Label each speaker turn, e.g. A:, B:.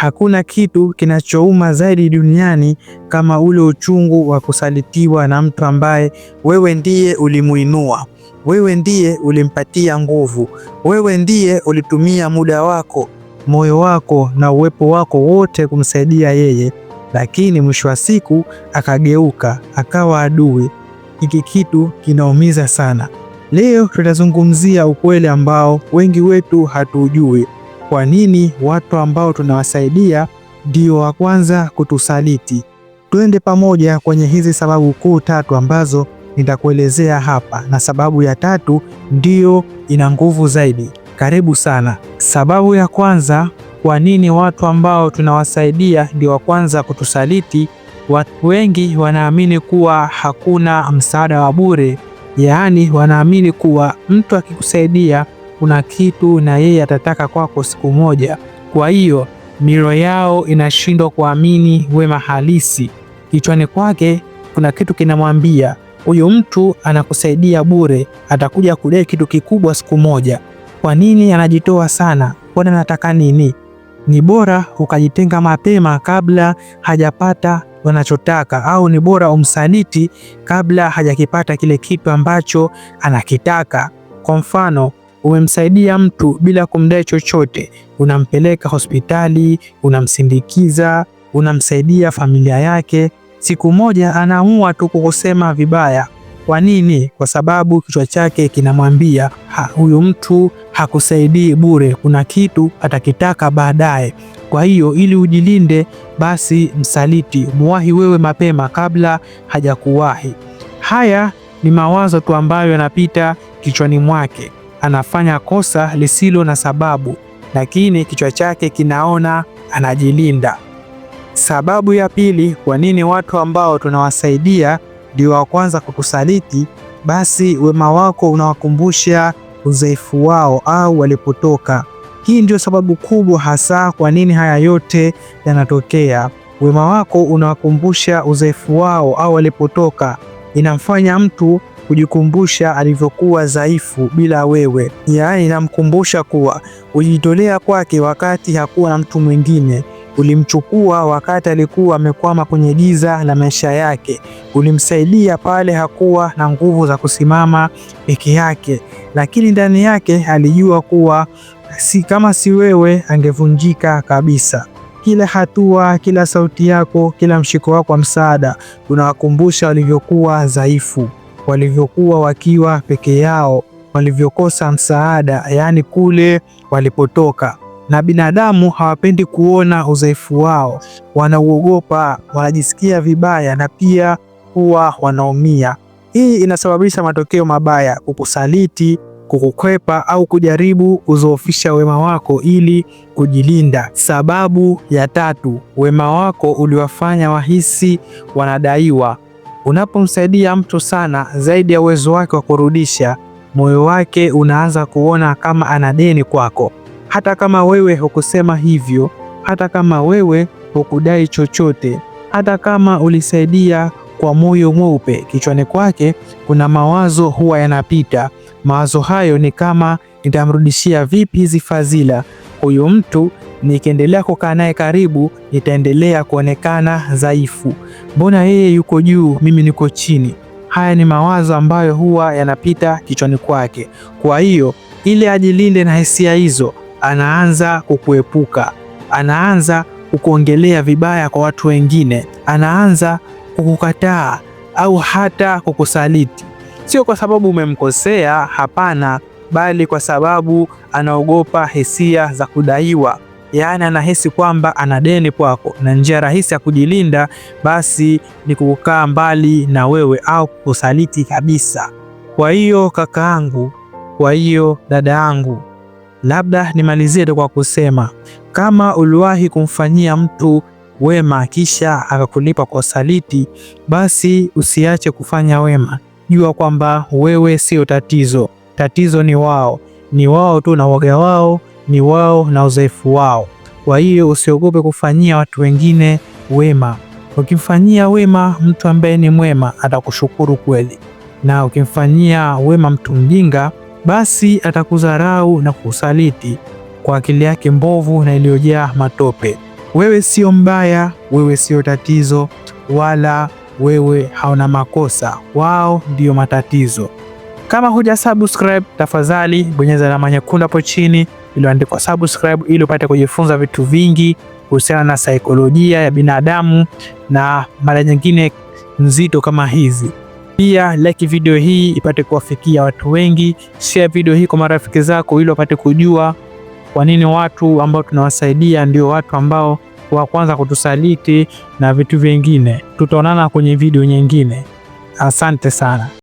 A: Hakuna kitu kinachouma zaidi duniani kama ule uchungu wa kusalitiwa na mtu ambaye wewe ndiye ulimuinua, wewe ndiye ulimpatia nguvu, wewe ndiye ulitumia muda wako, moyo wako na uwepo wako wote kumsaidia yeye, lakini mwisho wa siku akageuka akawa adui. Hiki kitu kinaumiza sana. Leo tutazungumzia ukweli ambao wengi wetu hatuujui. Kwa nini watu ambao tunawasaidia ndio wa kwanza kutusaliti? Twende pamoja kwenye hizi sababu kuu tatu ambazo nitakuelezea hapa, na sababu ya tatu ndiyo ina nguvu zaidi. Karibu sana. Sababu ya kwanza, kwa nini watu ambao tunawasaidia ndio wa kwanza kutusaliti? Watu wengi wanaamini kuwa hakuna msaada wa bure, yaani wanaamini kuwa mtu akikusaidia kuna kitu na yeye atataka kwako siku moja. Kwa hiyo mioyo yao inashindwa kuamini wema halisi. Kichwani kwake kuna kitu kinamwambia huyu mtu anakusaidia bure, atakuja kudai kitu kikubwa siku moja. Kwa nini anajitoa sana? Kwani anataka nini? Ni bora ukajitenga mapema kabla hajapata wanachotaka, au ni bora umsaliti kabla hajakipata kile kitu ambacho anakitaka. Kwa mfano, umemsaidia mtu bila kumdai chochote, unampeleka hospitali, unamsindikiza, unamsaidia familia yake. Siku moja anaamua tu kukusema vibaya. Kwa nini? Kwa sababu kichwa chake kinamwambia ha, huyu mtu hakusaidii bure, kuna kitu atakitaka baadaye. Kwa hiyo ili ujilinde, basi msaliti, muwahi wewe mapema kabla hajakuwahi. Haya ni mawazo tu ambayo yanapita kichwani mwake anafanya kosa lisilo na sababu, lakini kichwa chake kinaona anajilinda. Sababu ya pili, kwa nini watu ambao tunawasaidia ndio wa kwanza kutusaliti? Basi wema wako unawakumbusha udhaifu wao au walipotoka. Hii ndio sababu kubwa hasa kwa nini haya yote yanatokea. Wema wako unawakumbusha udhaifu wao au walipotoka, inamfanya mtu kujikumbusha alivyokuwa dhaifu bila wewe, yaani namkumbusha kuwa ujitolea kwake wakati hakuwa na mtu mwingine ulimchukua wakati alikuwa amekwama kwenye giza la maisha yake, ulimsaidia pale hakuwa na nguvu za kusimama peke yake, lakini ndani yake alijua kuwa si, kama si wewe angevunjika kabisa. Kila hatua, kila sauti yako, kila mshiko wako wa msaada unawakumbusha walivyokuwa dhaifu walivyokuwa wakiwa peke yao, walivyokosa msaada, yaani kule walipotoka. Na binadamu hawapendi kuona udhaifu wao, wanauogopa, wanajisikia vibaya na pia huwa wanaumia. Hii inasababisha matokeo mabaya: kukusaliti, kukukwepa au kujaribu kuzoofisha wema wako ili kujilinda. Sababu ya tatu, wema wako uliwafanya wahisi wanadaiwa. Unapomsaidia mtu sana zaidi ya uwezo wake wa kurudisha, moyo wake unaanza kuona kama ana deni kwako, hata kama wewe hukusema hivyo, hata kama wewe hukudai chochote, hata kama ulisaidia kwa moyo mweupe. Kichwani kwake kuna mawazo huwa yanapita. Mawazo hayo ni kama nitamrudishia vipi hizi fadhila huyu mtu nikiendelea kukaa naye karibu nitaendelea kuonekana dhaifu. Mbona yeye yuko juu, mimi niko chini? Haya ni mawazo ambayo huwa yanapita kichwani kwake. Kwa hiyo ili ajilinde na hisia hizo, anaanza kukuepuka, anaanza kukuongelea vibaya kwa watu wengine, anaanza kukukataa au hata kukusaliti. Sio kwa sababu umemkosea, hapana, bali kwa sababu anaogopa hisia za kudaiwa, yaani anahisi kwamba ana deni kwako, na njia rahisi ya kujilinda basi ni kukaa mbali na wewe au kusaliti kabisa. Kwa hiyo kaka yangu, kwa hiyo dada yangu, labda nimalizie tu kwa kusema kama uliwahi kumfanyia mtu wema kisha akakulipa kwa usaliti, basi usiache kufanya wema. Jua kwamba wewe sio tatizo, tatizo ni wao, ni wao tu na woga wao ni wao na udhaifu wao. Kwa hiyo usiogope kufanyia watu wengine wema. Ukimfanyia wema mtu ambaye ni mwema atakushukuru kweli, na ukimfanyia wema mtu mjinga, basi atakudharau na kusaliti kwa akili yake mbovu na iliyojaa matope. Wewe sio mbaya, wewe sio tatizo, wala wewe hauna makosa. Wao ndiyo matatizo. Kama huja subscribe, tafadhali bonyeza alama nyekundu hapo chini iliyoandikwa subscribe, ili upate kujifunza vitu vingi kuhusiana na saikolojia ya binadamu na mada nyingine nzito kama hizi. Pia like video hii ipate kuwafikia watu wengi, share video hii kwa marafiki zako, ili wapate kujua kwa nini watu ambao tunawasaidia ndio watu ambao wa kwanza kutusaliti na vitu vingine. Tutaonana kwenye video nyingine. Asante sana.